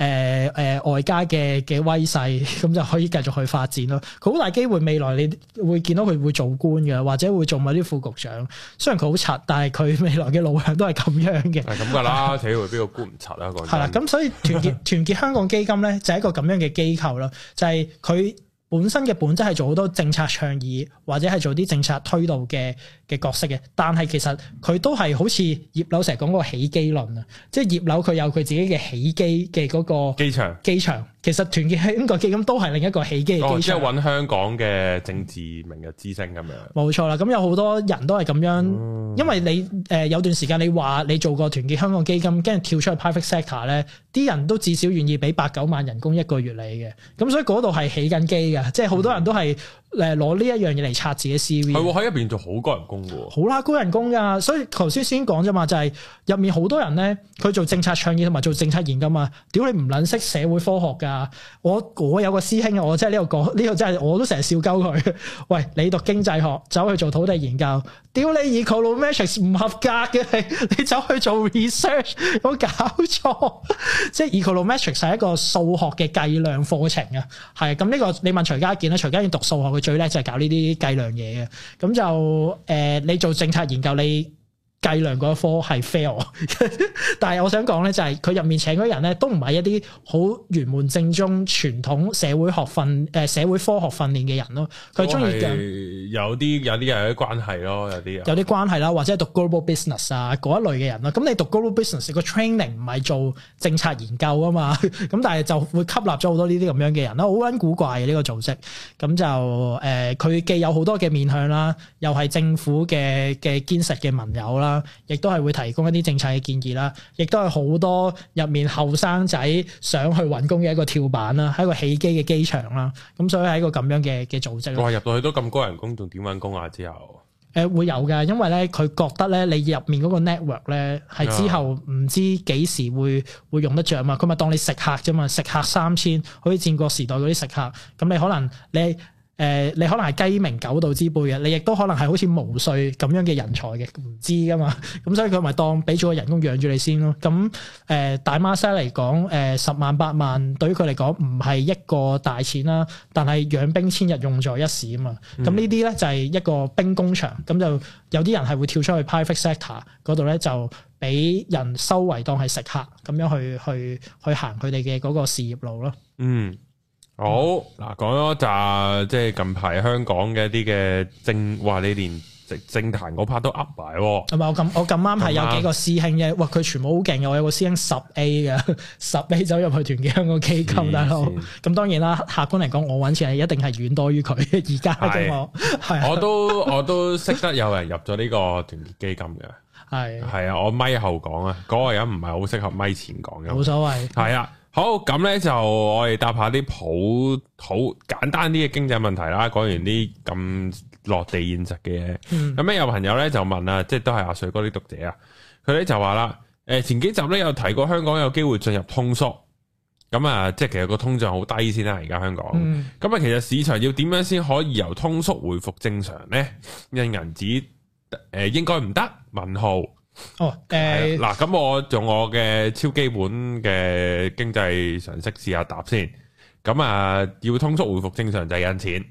誒誒、呃呃、外加嘅嘅威勢，咁就可以繼續去發展咯。好大機會未來你會見到佢會做官嘅，或者會做埋啲副局長。雖然佢好賊，但係佢未來嘅路向都係咁樣嘅。係咁㗎啦，睇下會邊個官唔賊啊？係啦， 咁所以團結 團結香港基金咧，就係一個咁樣嘅機構啦，就係佢。本身嘅本質係做好多政策倡議或者係做啲政策推導嘅嘅角色嘅，但係其實佢都係好似葉劉成日講嗰個起機論啊，即係葉劉佢有佢自己嘅起機嘅嗰個機場機場。其實團結香港基金都係另一個起機嘅。哦，即係揾香港嘅政治明日之星咁樣。冇錯啦，咁有好多人都係咁樣，嗯、因為你誒、呃、有段時間你話你做過團結香港基金，跟住跳出去 private sector 咧。啲人都至少願意俾八九萬人工一個月你嘅，咁所以嗰度係起緊機嘅，即係好多人都係誒攞呢一樣嘢嚟刷自己 CV。係喎、嗯，喺入邊做好高人工喎。好啦，高人工噶，所以頭先先講啫嘛，就係、是、入面好多人咧，佢做政策倡議同埋做政策研究嘛。屌你唔撚識社會科學噶，我我有個師兄，我即係呢個講呢個真係我都成日笑鳩佢。喂，你讀經濟學走去做土地研究，屌你以、e、columns matrix 唔合格嘅，你你走去做 research，有冇搞錯？即係、e，econometrics 係一個數學嘅計量課程啊，係咁呢個你問徐家健啦，徐家健讀數學佢最叻就係搞呢啲計量嘢嘅，咁就誒、呃、你做政策研究你。計量個科係 fail，但係我想講咧就係佢入面請嗰啲人咧都唔係一啲好圓滿正宗傳統社會學訓誒社會科學訓練嘅人咯，佢中意嘅有啲有啲人有啲關係咯，有啲有啲關係啦，或者係讀 global business 啊一類嘅人啦，咁你讀 global business 個 training 唔係做政策研究啊嘛，咁但係就會吸納咗好多呢啲咁樣嘅人啦，好鬼古怪嘅呢、呢個組織，咁就誒佢、呃、既有好多嘅面向啦，又係政府嘅嘅堅實嘅盟友啦。亦都係會提供一啲政策嘅建議啦，亦都係好多入面後生仔想去揾工嘅一個跳板啦，一個起機嘅機場啦，咁所以係一個咁樣嘅嘅組織。我入到去都咁高人工，仲點揾工啊？之後誒會有嘅，因為咧佢覺得咧你入面嗰個 network 咧係之後唔知幾時會會用得着啊嘛，佢咪、嗯、當你食客啫嘛，食客三千，好似戰國時代嗰啲食客，咁你可能你。誒、呃，你可能係雞鳴狗盜之輩嘅，你亦都可能係好似毛遂咁樣嘅人才嘅，唔知噶嘛，咁、嗯、所以佢咪當俾咗個人工養住你先咯。咁、嗯、誒、呃，大孖沙嚟講，誒、呃、十萬八萬對於佢嚟講唔係一個大錢啦，但係養兵千日用在一時啊嘛。咁、嗯嗯、呢啲咧就係、是、一個兵工場，咁就有啲人係會跳出去 private sector 嗰度咧，就俾人收為當係食客，咁樣去去去行佢哋嘅嗰個事業路咯。嗯。好嗱，講咗扎即係近排香港嘅一啲嘅政，話你連政政壇嗰 part 都 up 埋，係咪？我咁我咁啱係有幾個師兄嘅，巧哇！佢全部好勁嘅，我有個師兄十 A 嘅，十 A 走入去團結香港基金大佬。咁當然啦，客觀嚟講，我揾錢係一定係遠多於佢。而家係我是是我都 我都識得有人入咗呢個團結基金嘅，係係啊！我咪後講啊，嗰個人唔係好適合咪前講嘅，冇為所謂。係啊。 好，咁呢就我哋答下啲普好簡單啲嘅經濟問題啦。講完啲咁落地現實嘅嘢，咁咧、嗯、有朋友呢就問啦，即係都係阿水哥啲讀者啊，佢呢就話啦，誒前幾集呢有提過香港有機會進入通縮，咁、嗯、啊即係其實個通脹好低先啦、啊，而家香港，咁啊、嗯、其實市場要點樣先可以由通縮回復正常呢？印銀紙誒應該唔得？問號。哦，誒、欸，嗱，咁我用我嘅超基本嘅經濟常識試下答先，咁啊，要通縮回復正常就係印錢，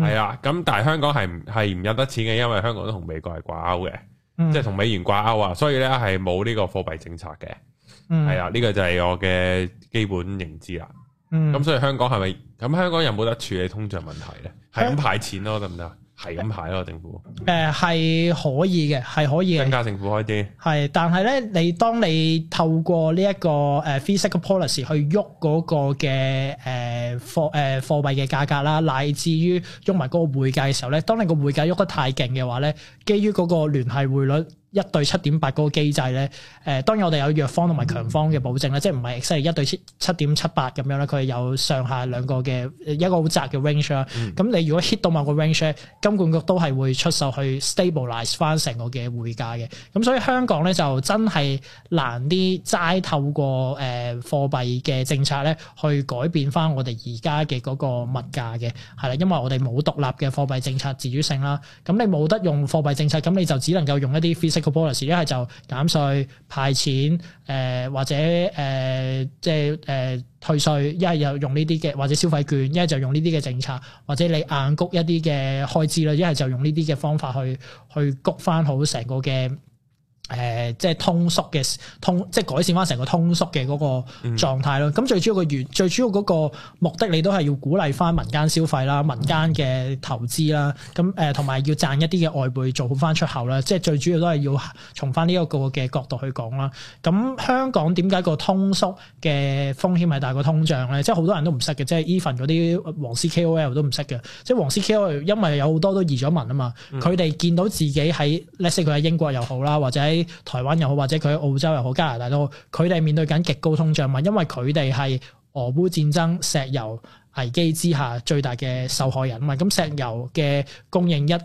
係啊、嗯，咁但係香港係唔係唔印得錢嘅，因為香港都同美國係掛鈎嘅，嗯、即係同美元掛鈎啊，所以咧係冇呢個貨幣政策嘅，係啊、嗯、呢、呢個就係我嘅基本認知啦，咁、嗯、所以香港係咪咁香港有冇得處理通脹問題咧？係咁派錢咯，得唔得？係咁排咯，政府。誒， 係、呃、可以嘅，係可以嘅。增加政府開啲。係，但係咧，你當你透過呢、這、一個誒 fiscal、uh, i policy 去喐嗰個嘅誒、uh, 貨誒、uh, 貨幣嘅價格啦，乃至於喐埋嗰個匯價嘅時候咧，當你個匯價喐得太勁嘅話咧，基於嗰個聯繫匯率。一對七點八嗰個機制咧，誒當然我哋有弱方同埋強方嘅保證咧，mm hmm. 即係唔係即係一對七七點七八咁樣咧，佢係有上下兩個嘅一個好窄嘅 range 啦。咁、mm hmm. 你如果 hit 到某個 range，金管局都係會出售去 stabilize 翻成個嘅匯價嘅。咁所以香港咧就真係難啲齋透過誒、呃、貨幣嘅政策咧去改變翻我哋而家嘅嗰個物價嘅，係啦，因為我哋冇獨立嘅貨幣政策自主性啦。咁你冇得用貨幣政策，咁你就只能夠用一啲一係就減稅派錢，誒、呃、或者誒、呃、即係誒、呃、退稅，一係又用呢啲嘅或者消費券，一係就用呢啲嘅政策，或者你硬谷一啲嘅開支啦，一係就用呢啲嘅方法去去谷翻好成個嘅。誒、呃，即係通縮嘅通，即係改善翻成個通縮嘅嗰個狀態咯。咁、嗯、最主要個原，最主要嗰個目的，你都係要鼓勵翻民間消費啦、民間嘅投資啦。咁誒，同、呃、埋要賺一啲嘅外匯做翻出口啦。即係最主要都係要從翻呢一個嘅角度去講啦。咁香港點解個通縮嘅風險係大過通脹咧？即係好多人都唔識嘅，即係 even 嗰啲黃絲 KOL 都唔識嘅。即係黃絲 KOL，因為有好多都移咗民啊嘛，佢哋見到自己喺，Let's say 佢喺英國又好啦，或者喺台灣又好，或者佢喺澳洲又好、加拿大都好，佢哋面對緊極高通脹嘛，因為佢哋係俄烏戰爭、石油危機之下最大嘅受害人嘛。咁石油嘅供應一誒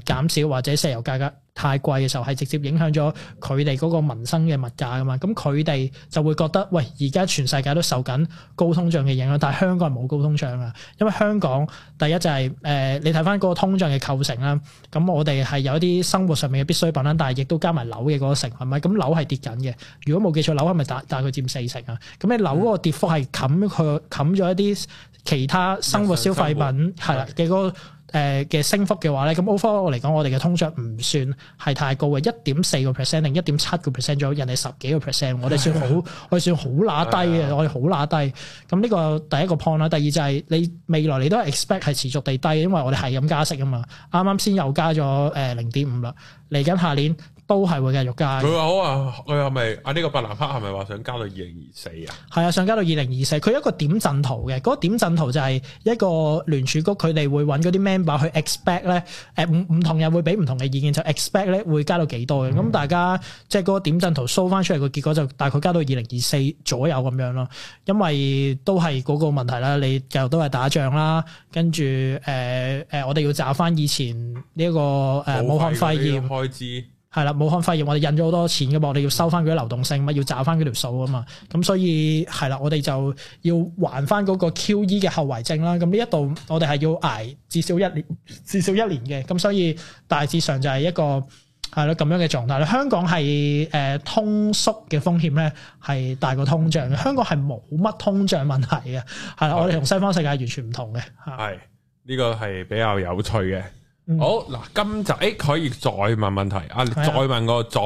減少或者石油價格。太貴嘅時候係直接影響咗佢哋嗰個民生嘅物價噶嘛，咁佢哋就會覺得，喂，而家全世界都受緊高通脹嘅影響，但係香港係冇高通脹啊，因為香港第一就係、是、誒、呃，你睇翻嗰個通脹嘅構成啦，咁我哋係有一啲生活上面嘅必需品啦，但係亦都加埋樓嘅嗰成係咪？咁樓係跌緊嘅，如果冇記錯，樓係咪大大概佔四成啊？咁你樓嗰個跌幅係冚佢冚咗一啲其他生活消費品係啦嘅嗰。嗯誒嘅升幅嘅話咧，咁 overall 嚟講，我哋嘅通脹唔算係太高嘅，一點四個 percent 定一點七個 percent 咗，人哋十幾個 percent，我哋算好，我哋算好乸低嘅， 我哋好乸低。咁呢個第一個 point 啦，第二就係你未來你都係 expect 係持續地低，因為我哋係咁加息啊嘛，啱啱先又加咗誒零點五啦，嚟緊下，下年。都係會繼續加。佢話好啊，佢係咪啊？呢個白蘭克係咪話想加到二零二四啊？係啊，想加到二零二四。佢有一個點陣圖嘅，嗰、那個點陣圖就係一個聯儲局佢哋會揾嗰啲 member 去 expect 咧。誒、呃，唔唔同人會俾唔同嘅意見，就 expect 咧會加到幾多嘅。咁、嗯、大家即係嗰個點陣圖 show 翻出嚟嘅結果，就大概加到二零二四左右咁樣咯。因為都係嗰個問題啦，你就都係打仗啦，跟住誒誒，我、呃、哋、呃呃呃呃呃呃、要找翻以前呢、這、一個誒、呃、武漢肺炎開支。係啦，武漢肺炎我哋印咗好多錢噶嘛，我哋要收翻佢啲流動性嘛，要找翻佢條數啊嘛，咁所以係啦，我哋就要還翻嗰個 QE 嘅後遺症啦。咁呢一度我哋係要捱至少一年，至少一年嘅。咁所以大致上就係一個係啦咁樣嘅狀態啦。香港係誒、呃、通縮嘅風險咧係大過通脹嘅，香港係冇乜通脹問題嘅。係啦，我哋同西方世界係完全唔同嘅。係呢、啊呢個係比較有趣嘅。嗯、好嗱，金仔可以再問問題啊？再問個的再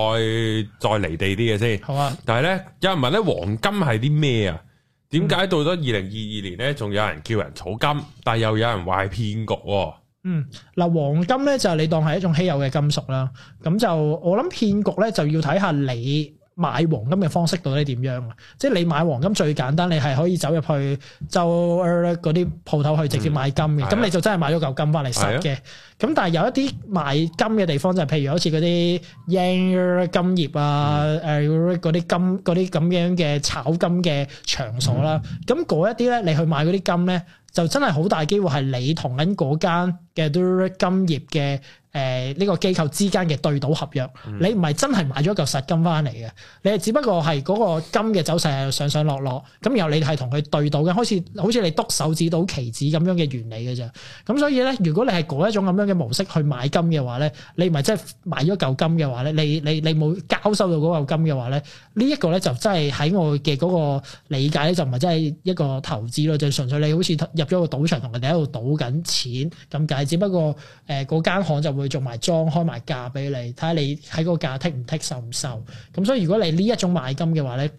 再離地啲嘅先。好啊的。但係咧，有人問咧，黃金係啲咩啊？點解到咗二零二二年咧，仲有人叫人儲金，但係又有人話係騙局？嗯，嗱，黃金咧就係你當係一種稀有嘅金屬啦。咁就我諗騙局咧就要睇下你。買黃金嘅方式到底點樣啊？即係你買黃金最簡單，你係可以走入去周嗰啲鋪頭去直接買金嘅，咁、嗯、你就真係買咗嚿金翻嚟食嘅。咁、嗯、但係有一啲賣金嘅地方、就是，就係譬如好似嗰啲英金業啊，誒嗰啲金嗰啲咁樣嘅炒金嘅場所啦。咁嗰、嗯、一啲咧，你去買嗰啲金咧，就真係好大機會係你同緊嗰間嘅金業嘅。誒，呢個機構之間嘅對賭合約，你唔係真係買咗嚿實金翻嚟嘅，你係只不過係嗰個金嘅走勢係上上落落，咁然後你係同佢對賭嘅，好似好似你督手指到棋子咁樣嘅原理嘅咋，咁所以咧，如果你係嗰一種咁樣嘅模式去買金嘅話咧，你唔係真係買咗嚿金嘅話咧，你你你冇交收到嗰嚿金嘅話咧，呢、這、一個咧就真係喺我嘅嗰個理解咧就唔係真係一個投資咯，就純粹你好似入咗個賭場同人哋喺度賭緊錢咁解，只不過誒嗰間行就會。做埋裝開埋價俾你，睇下你喺個價剔唔剔，收唔收？咁所以如果你呢一種買金嘅話咧，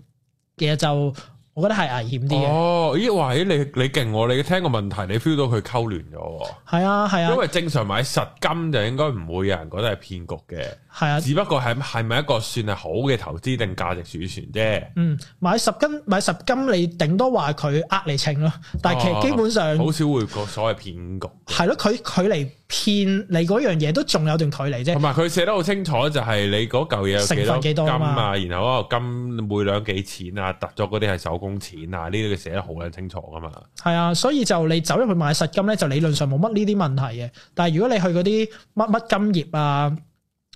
其實就我覺得係危險啲嘅。哦，咦，哇，咦，你你勁、哦，你聽個問題，你 feel 到佢溝亂咗。係啊係啊，啊因為正常買實金就應該唔會有人覺得係騙局嘅。係啊，只不過係係咪一個算係好嘅投資定價值儲存啫？嗯，買實金買實金，金你頂多話佢呃你稱咯，但係其實基本上好、哦、少會個所謂騙局。係咯，佢佢嚟。騙你嗰樣嘢都仲有段距離啫，同埋佢寫得好清楚，就係你嗰嚿嘢成分幾多金啊，然後嗰個金每兩幾錢啊，特作嗰啲係手工錢啊，呢啲佢寫得好撚清楚噶嘛。係啊，所以就你走入去買實金咧，就理論上冇乜呢啲問題嘅。但係如果你去嗰啲乜乜金業啊，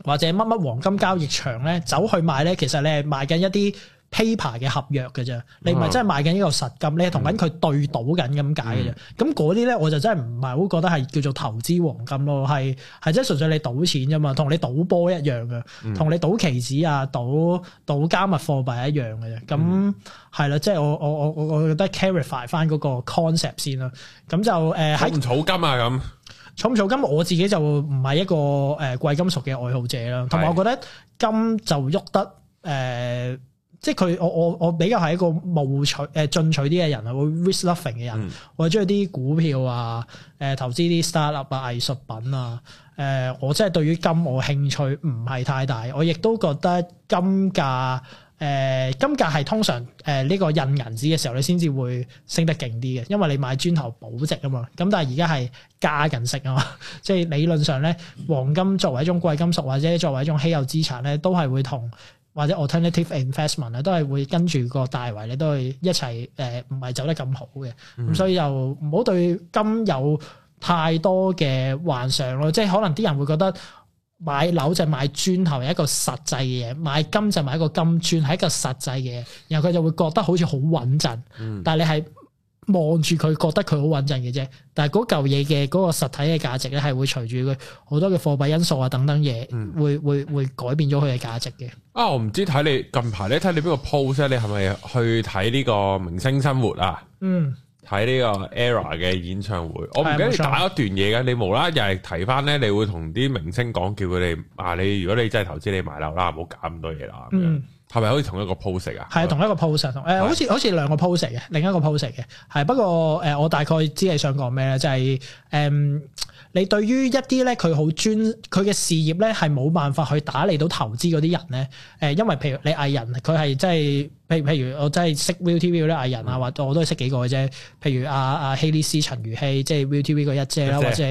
或者乜乜黃金交易場咧，走去買咧，其實你係賣緊一啲 paper 嘅合約嘅啫，嗯、你唔係真係賣緊呢個實金，你係同緊佢對賭緊咁解嘅啫。咁嗰啲咧，那那我就真係唔係好覺得係叫做投資黃金咯，係係真係純粹你賭錢啫嘛，同你賭波一樣嘅，同、嗯、你賭棋子啊，賭賭加密貨幣一樣嘅啫。咁係啦，即係、嗯、我我我我我覺得 clarify 翻嗰個 concept 先啦。咁就誒喺儲唔儲金啊？咁儲唔儲金，我自己就唔係一個誒、呃、貴金屬嘅愛好者啦。同埋我覺得金就喐得誒。呃呃即係佢，我我我比較係一個冒取、誒進取啲嘅人，會 risk loving 嘅人，嗯、我中意啲股票啊、誒、呃、投資啲 startup 啊、藝術品啊、誒、呃、我真係對於金我興趣唔係太大，我亦都覺得金價誒、呃、金價係通常誒呢、呃呢個印銀紙嘅時候，你先至會升得勁啲嘅，因為你買磚頭保值啊嘛。咁但係而家係加緊息啊嘛，即係理論上咧，黃金作為一種貴金屬或者作為一種稀有資產咧，都係會同。或者 alternative investment 咧，都係會跟住個大圍你都係一齊誒，呃，唔係走得咁好嘅。咁、嗯、所以又唔好對金有太多嘅幻想咯。即係可能啲人會覺得買樓就買磚頭係一個實際嘅嘢，買金就買一個金磚係一個實際嘅嘢，然後佢就會覺得好似好穩陣。嗯、但係你係，望住佢，覺得佢好穩陣嘅啫。但係嗰嚿嘢嘅嗰個實體嘅價值咧，係會隨住佢好多嘅貨幣因素啊等等嘢，會會會改變咗佢嘅價值嘅。啊，我唔知睇你近排，你睇你邊個 post 啊？你係咪去睇呢個明星生活啊？嗯，睇呢個 Era 嘅演唱會。我唔記得你打一段嘢嘅，你無啦又係提翻咧。你會同啲明星講，叫佢哋啊，你如果你真係投資，你買樓啦，唔好搞咁多嘢啦。嗯。係咪可以同一個 pose 啊？係同一個 pose，誒、呃、好似好似兩個 pose 嘅，另一個 pose 嘅，係不過誒、呃、我大概知你想講咩咧，就係、是、誒、呃、你對於一啲咧佢好專佢嘅事業咧，係冇辦法去打理到投資嗰啲人咧，誒、呃、因為譬如你藝人佢係即係。譬譬如我真係識 ViuTV 啲藝人啊，嗯、或者我都係識幾個嘅啫。譬如阿阿希利斯、陳如希，即係 ViuTV 個一姐啦，或者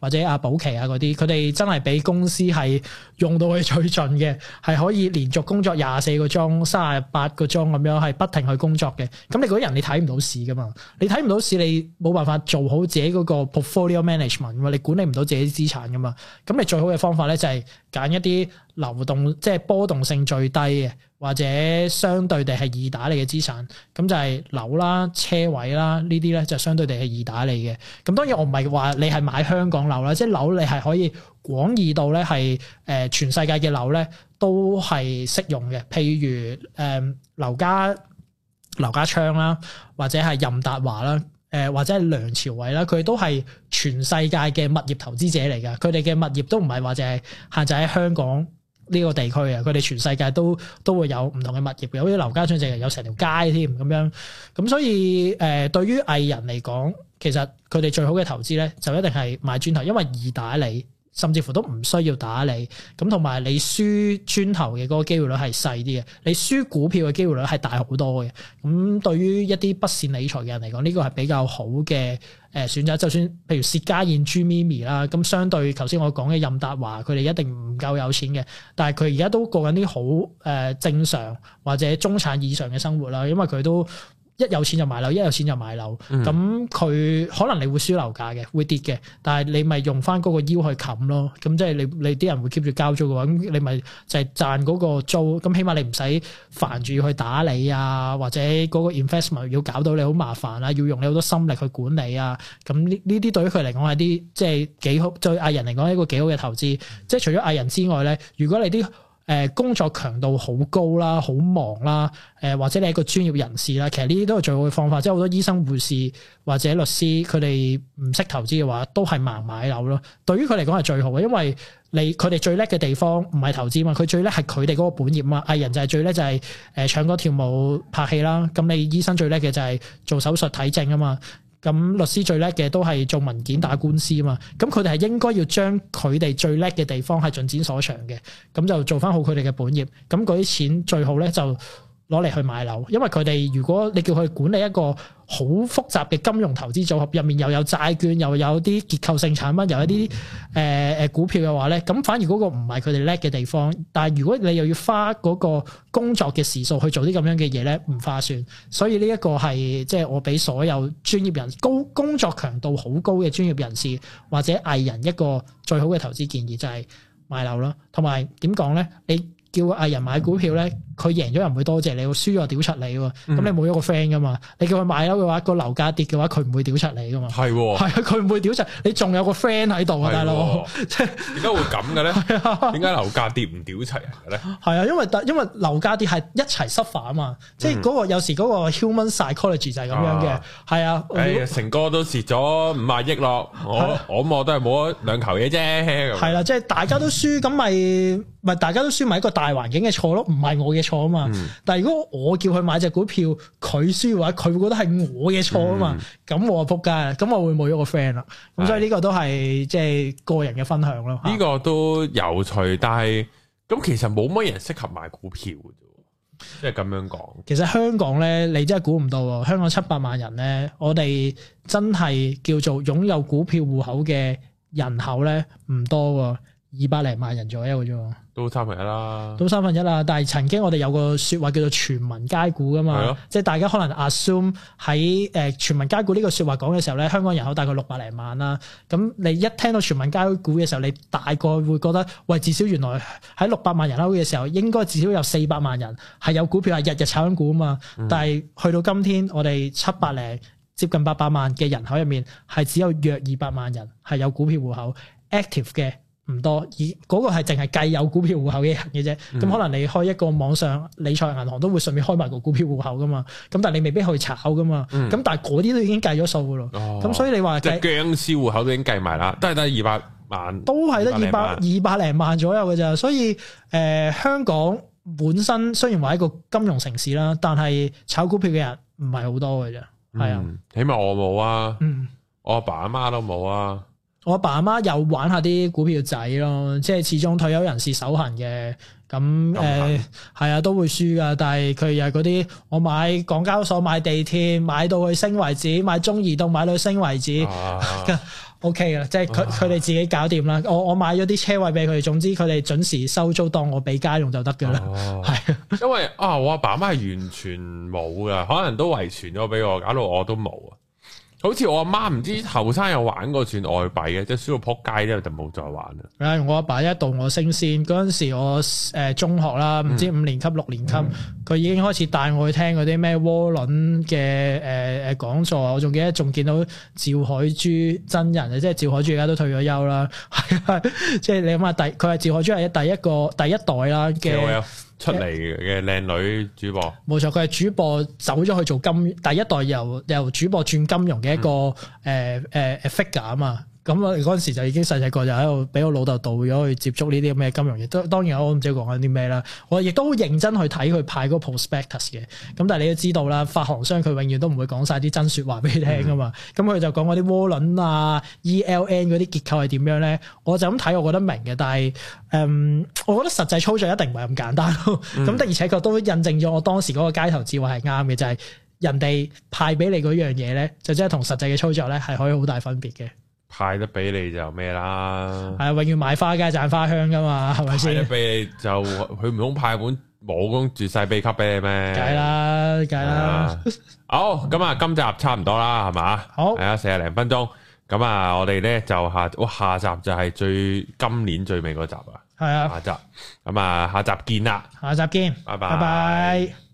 或者阿寶琦啊嗰啲，佢哋、啊、真係俾公司係用到佢最盡嘅，係可以連續工作廿四個鐘、三十八個鐘咁樣，係不停去工作嘅。咁你嗰人你睇唔到市噶嘛？你睇唔到市，你冇辦法做好自己嗰個 portfolio management 嘛？你管理唔到自己啲資產噶嘛？咁你最好嘅方法咧就係、是、揀一啲流動即係波動性最低嘅。或者相對地係易打理嘅資產，咁就係樓啦、車位啦呢啲咧，就相對地係易打理嘅。咁當然我唔係話你係買香港樓啦，即係樓你係可以廣義到咧係誒全世界嘅樓咧都係適用嘅。譬如誒、呃、劉家劉家昌啦，或者係任達華啦，誒、呃、或者係梁朝偉啦，佢都係全世界嘅物業投資者嚟㗎。佢哋嘅物業都唔係話淨係限制在喺香港。呢個地區啊，佢哋全世界都都會有唔同嘅物業，有啲劉家昌淨係有成條街添咁樣，咁所以誒、呃，對於藝人嚟講，其實佢哋最好嘅投資呢，就一定係買磚頭，因為易打理，甚至乎都唔需要打理。咁同埋你輸磚頭嘅嗰個機會率係細啲嘅，你輸股票嘅機會率係大好多嘅。咁對於一啲不善理財嘅人嚟講，呢、呢個係比較好嘅。誒選擇，就算譬如薛家燕、朱咪咪啦，咁相對頭先我講嘅任達華，佢哋一定唔夠有錢嘅，但係佢而家都過緊啲好誒正常或者中產以上嘅生活啦，因為佢都。一有錢就買樓，一有錢就買樓。咁佢、嗯、可能你會輸樓價嘅，會跌嘅。但係你咪用翻嗰個腰去冚咯。咁即係你你啲人會 keep 住交租嘅話，咁你咪就係賺嗰個租。咁起碼你唔使煩住去打理啊，或者嗰個 investment 要搞到你好麻煩啊，要用你好多心力去管理啊。咁呢呢啲對於佢嚟講係啲即係幾好，對、即係、藝人嚟講係一個幾好嘅投資。嗯、即係除咗藝人之外咧，如果你啲誒、呃、工作強度好高啦，好忙啦，誒、呃、或者你係個專業人士啦，其實呢啲都係最好嘅方法，即係好多醫生、護士或者律師，佢哋唔識投資嘅話，都係盲買樓咯。對於佢嚟講係最好嘅，因為你佢哋最叻嘅地方唔係投資啊嘛，佢最叻係佢哋嗰個本業啊嘛。藝人就係最叻就係誒唱歌、跳舞、拍戲啦，咁你醫生最叻嘅就係做手術、睇症啊嘛。咁律師最叻嘅都係做文件打官司啊嘛，咁佢哋係應該要將佢哋最叻嘅地方係盡展所長嘅，咁就做翻好佢哋嘅本業，咁嗰啲錢最好咧就，攞嚟去買樓，因為佢哋如果你叫佢管理一個好複雜嘅金融投資組合，入面又有債券，又有啲結構性產品，又有啲誒誒股票嘅話咧，咁反而嗰個唔係佢哋叻嘅地方。但係如果你又要花嗰個工作嘅時數去做啲咁樣嘅嘢咧，唔划算。所以呢一個係即係我俾所有專業人高工作強度好高嘅專業人士或者藝人一個最好嘅投資建議就係、是、買樓啦。同埋點講咧？你叫藝人買股票咧？佢贏咗又唔會多謝你，佢輸又屌柒你喎。咁你冇咗個 friend 噶嘛？你叫佢買樓嘅話，個樓價跌嘅話，佢唔會屌柒你噶嘛？係喎，係啊，佢唔會屌柒你，仲有個 friend 喺度啊，大佬。即係點解會咁嘅咧？點解樓價跌唔屌柒人咧？係啊，因為因為樓價跌係一齊 suffer 啊嘛。即係嗰個有時嗰個 human psychology 就係咁樣嘅。係啊。成哥都蝕咗五十億咯。我我我都係冇兩球嘢啫。係啦，即係大家都輸，咁咪咪大家都輸，埋一個大環境嘅錯咯，唔係我嘅。錯啊嘛，嗯、但係如果我叫佢買隻股票，佢輸嘅話，佢會覺得係我嘅錯啊嘛，咁、嗯、我啊仆街啊，咁我會冇咗個 friend 啦。咁、嗯、所以呢個都係即係個人嘅分享咯。呢個都有趣，但係咁其實冇乜人適合買股票嘅啫，即係咁樣講。其實香港咧，你真係估唔到，香港七百萬人咧，我哋真係叫做擁有股票戶口嘅人口咧，唔多。二百零萬人左右嘅啫，都三分一啦，都三分一啦。但係曾經我哋有個說話叫做全民皆股噶嘛，啊、即係大家可能 assume 喺誒、呃、全民皆股呢個說話講嘅時候咧，香港人口大概六百零萬啦。咁你一聽到全民皆股嘅時候，你大概會覺得喂、呃，至少原來喺六百萬人口嘅時候，應該至少有四百萬人係有股票係日日炒緊股啊嘛。嗯、但係去到今天，我哋七百零接近八百萬嘅人口入面，係只有約二百萬人係有股票戶口 active 嘅。唔多，而嗰個係淨係計有股票戶口嘅人嘅啫。咁、嗯、可能你開一個網上理財銀行，都會順便開埋個股票戶口噶嘛。咁但係你未必去炒噶嘛。咁、嗯、但係嗰啲都已經計咗數噶咯。咁、哦、所以你話，即係僵屍戶口都已經計埋啦，都係得二百萬，都係得二百二百零萬左右嘅咋。所以誒、呃，香港本身雖然話一個金融城市啦，但係炒股票嘅人唔係好多嘅啫。係、嗯、啊，起碼我冇啊，嗯、我阿爸阿媽都冇啊。我爸阿媽又玩下啲股票仔咯，即係始終退休人士手痕嘅，咁誒係啊，都會輸噶。但係佢又係嗰啲我買港交所買地鐵買到去升為止，買中移動買到佢升為止、啊、 ，OK 噶，即係佢佢哋自己搞掂啦、啊。我我買咗啲車位俾佢哋，總之佢哋準時收租當我俾家用就得嘅啦。係、啊、是因為啊，我爸阿媽係完全冇嘅，可能都遺傳咗俾我，搞到我都冇啊。好似我阿媽唔知後生有玩過算外幣嘅，即係輸到扑街咧，就冇再玩啦。誒、嗯，我阿爸,爸一度我升仙嗰陣時，我誒中學啦，唔知五年級、六年級，佢、嗯、已經開始帶我去聽嗰啲咩窩輪嘅誒誒講座。我仲記得仲見到趙海珠真人啊，即係趙海珠而家都退咗休啦。係 啊，即係你諗下第，佢係趙海珠係第一個第一代啦嘅。出嚟嘅靚女主播，冇錯，佢係主播走咗去做金，第一代由，由主播轉金融嘅一個誒誒誒 figure 啊嘛。咁我嗰陣時就已經細細個就喺度俾我老豆導咗去接觸呢啲咁嘅金融嘢。當當然我唔知講緊啲咩啦。我亦都認真去睇佢派嗰個 prospectus 嘅。咁但係你都知道啦，發行商佢永遠都唔會講晒啲真説話俾你聽噶嘛。咁佢、嗯、就講嗰啲渦輪啊、ELN 嗰啲結構係點樣咧？我就咁睇，我覺得明嘅。但係誒、嗯，我覺得實際操作一定唔係咁簡單咯。咁、嗯、 的而且確都印證咗我當時嗰個街頭智慧係啱嘅，就係、是、人哋派俾你嗰樣嘢咧，就真係同實際嘅操作咧係可以好大分別嘅。派得俾你就咩啦？係啊，永遠買花嘅，梗係賺花香噶嘛，係咪先？派得俾你就佢唔通派本冇咁絕世秘笈俾你咩？計啦計啦。啦啊、好，咁啊，今集差唔多啦，係咪？好，係啊，四廿零分鐘。咁啊，我哋咧就下，哇，下集就係最今年最尾嗰集啊。係啊，下集。咁啊，下集見啦。下集見。拜拜。拜拜。